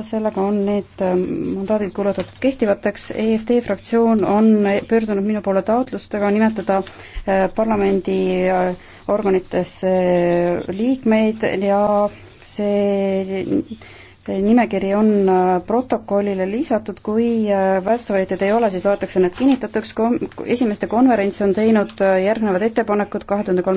sellega on need ähm, mandaadid kuulutatud kehtivateks. EFD fraktsioon on pöördunud minu poole taotlustega nimetada äh, parlamendi äh, organitesse äh, liikmeid ja see nimekiri on protokollile lisatud, kui vastuväiteid ei ole, siis loetakse need kinnitatuks. esimeste konverents on teinud järgnevad ettepanekud kahe tuhande kolme